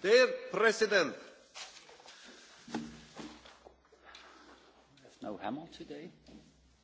Dear President. There's no hammer today.